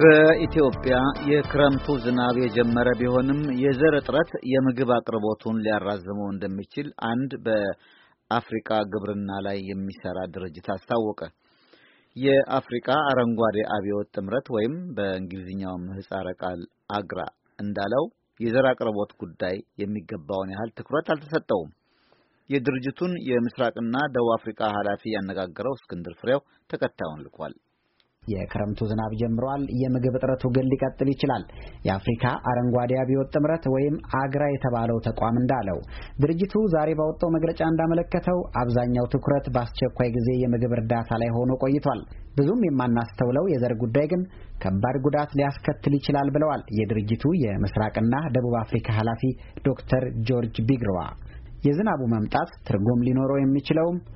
በኢትዮጵያ የክረምቱ ዝናብ የጀመረ ቢሆንም የዘር እጥረት የምግብ አቅርቦቱን ሊያራዝመው እንደሚችል አንድ በአፍሪቃ ግብርና ላይ የሚሰራ ድርጅት አስታወቀ። የአፍሪቃ አረንጓዴ አብዮት ጥምረት ወይም በእንግሊዝኛው ምህጻረ ቃል አግራ እንዳለው የዘር አቅርቦት ጉዳይ የሚገባውን ያህል ትኩረት አልተሰጠውም። የድርጅቱን የምስራቅና ደቡብ አፍሪካ ኃላፊ ያነጋገረው እስክንድር ፍሬው ተከታዩን ልኳል። የክረምቱ ዝናብ ጀምሯል። የምግብ እጥረቱ ግን ሊቀጥል ይችላል። የአፍሪካ አረንጓዴ አብዮት ጥምረት ወይም አግራ የተባለው ተቋም እንዳለው ድርጅቱ ዛሬ ባወጣው መግለጫ እንዳመለከተው አብዛኛው ትኩረት በአስቸኳይ ጊዜ የምግብ እርዳታ ላይ ሆኖ ቆይቷል። ብዙም የማናስተውለው የዘር ጉዳይ ግን ከባድ ጉዳት ሊያስከትል ይችላል ብለዋል የድርጅቱ የምስራቅና ደቡብ አፍሪካ ኃላፊ ዶክተር ጆርጅ ቢግርዋ። የዝናቡ መምጣት ትርጉም ሊኖረው የሚችለውም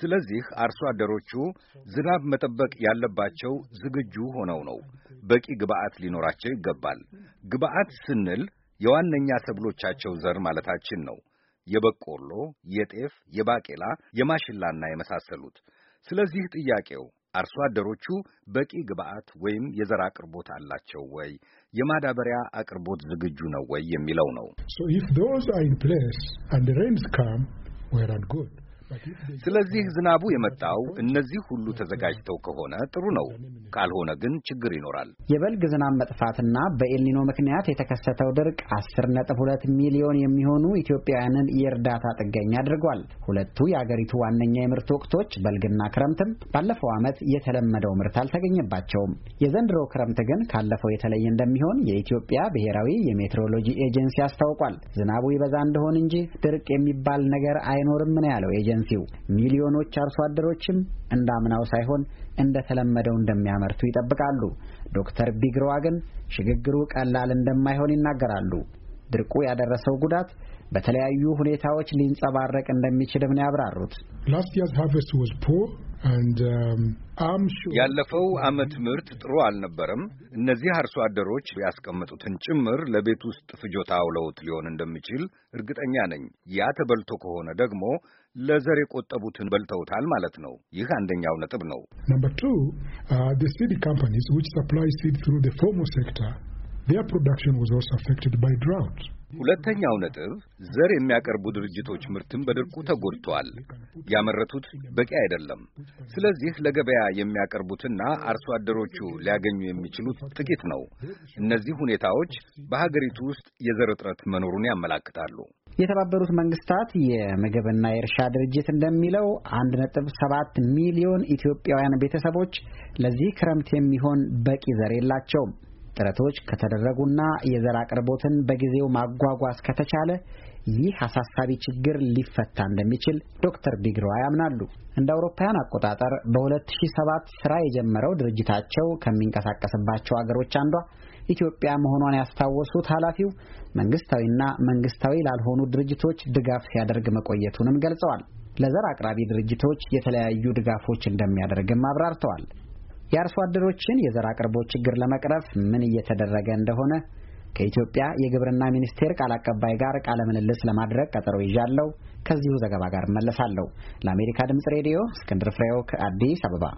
ስለዚህ አርሶ አደሮቹ ዝናብ መጠበቅ ያለባቸው ዝግጁ ሆነው ነው። በቂ ግብዓት ሊኖራቸው ይገባል። ግብዓት ስንል የዋነኛ ሰብሎቻቸው ዘር ማለታችን ነው። የበቆሎ፣ የጤፍ፣ የባቄላ፣ የማሽላና የመሳሰሉት። ስለዚህ ጥያቄው አርሶ አደሮቹ በቂ ግብዓት ወይም የዘር አቅርቦት አላቸው ወይ፣ የማዳበሪያ አቅርቦት ዝግጁ ነው ወይ የሚለው ነው። ስለዚህ ዝናቡ የመጣው እነዚህ ሁሉ ተዘጋጅተው ከሆነ ጥሩ ነው፣ ካልሆነ ግን ችግር ይኖራል። የበልግ ዝናብ መጥፋትና በኤልኒኖ ምክንያት የተከሰተው ድርቅ 10.2 ሚሊዮን የሚሆኑ ኢትዮጵያውያንን የእርዳታ ጥገኛ አድርጓል። ሁለቱ የአገሪቱ ዋነኛ የምርት ወቅቶች በልግና ክረምትም ባለፈው ዓመት የተለመደው ምርት አልተገኘባቸውም። የዘንድሮ ክረምት ግን ካለፈው የተለየ እንደሚሆን የኢትዮጵያ ብሔራዊ የሜትሮሎጂ ኤጀንሲ አስታውቋል። ዝናቡ ይበዛ እንደሆን እንጂ ድርቅ የሚባል ነገር አይኖርም ነው ያለው ኤጀንሲ ኤጀንሲው ሚሊዮኖች አርሶ አደሮችም እንዳምናው ሳይሆን እንደተለመደው እንደሚያመርቱ ይጠብቃሉ። ዶክተር ቢግረዋ ግን ሽግግሩ ቀላል እንደማይሆን ይናገራሉ። ድርቁ ያደረሰው ጉዳት በተለያዩ ሁኔታዎች ሊንጸባረቅ እንደሚችልም ነው ያብራሩት። um, ያለፈው ዓመት ምርት ጥሩ አልነበረም። እነዚህ አርሶ አደሮች ያስቀመጡትን ጭምር ለቤት ውስጥ ፍጆታ አውለውት ሊሆን እንደሚችል እርግጠኛ ነኝ። ያ ተበልቶ ከሆነ ደግሞ ለዘር የቆጠቡትን በልተውታል ማለት ነው። ይህ አንደኛው ነጥብ ነው። ነምበር ቱ ሲድ ካምፓኒስ ዊች ሰፕላይ ሲድ ትሩ ሴክተር ፕሮዳክሽን ዋዝ ኦልሶ አፌክትድ ባይ ድራውት። ሁለተኛው ነጥብ ዘር የሚያቀርቡ ድርጅቶች ምርትን በድርቁ ተጎድቷል። ያመረቱት በቂ አይደለም። ስለዚህ ለገበያ የሚያቀርቡትና አርሶ አደሮቹ ሊያገኙ የሚችሉት ጥቂት ነው። እነዚህ ሁኔታዎች በሀገሪቱ ውስጥ የዘር እጥረት መኖሩን ያመላክታሉ። የተባበሩት መንግስታት የምግብና የእርሻ ድርጅት እንደሚለው 1.7 ሚሊዮን ኢትዮጵያውያን ቤተሰቦች ለዚህ ክረምት የሚሆን በቂ ዘር የላቸውም። ጥረቶች ከተደረጉና የዘር አቅርቦትን በጊዜው ማጓጓዝ ከተቻለ ይህ አሳሳቢ ችግር ሊፈታ እንደሚችል ዶክተር ቢግሯ ያምናሉ። እንደ አውሮፓውያን አቆጣጠር በ2007 ስራ የጀመረው ድርጅታቸው ከሚንቀሳቀስባቸው አገሮች አንዷ ኢትዮጵያ መሆኗን ያስታወሱት ኃላፊው መንግስታዊና መንግስታዊ ላልሆኑ ድርጅቶች ድጋፍ ሲያደርግ መቆየቱንም ገልጸዋል። ለዘር አቅራቢ ድርጅቶች የተለያዩ ድጋፎች እንደሚያደርግም አብራርተዋል። የአርሶ አደሮችን የዘር አቅርቦት ችግር ለመቅረፍ ምን እየተደረገ እንደሆነ ከኢትዮጵያ የግብርና ሚኒስቴር ቃል አቀባይ ጋር ቃለ ምልልስ ለማድረግ ቀጠሮ ይዣለሁ። ከዚሁ ዘገባ ጋር እመለሳለሁ። ለአሜሪካ ድምጽ ሬዲዮ እስክንድር ፍሬው ከአዲስ አበባ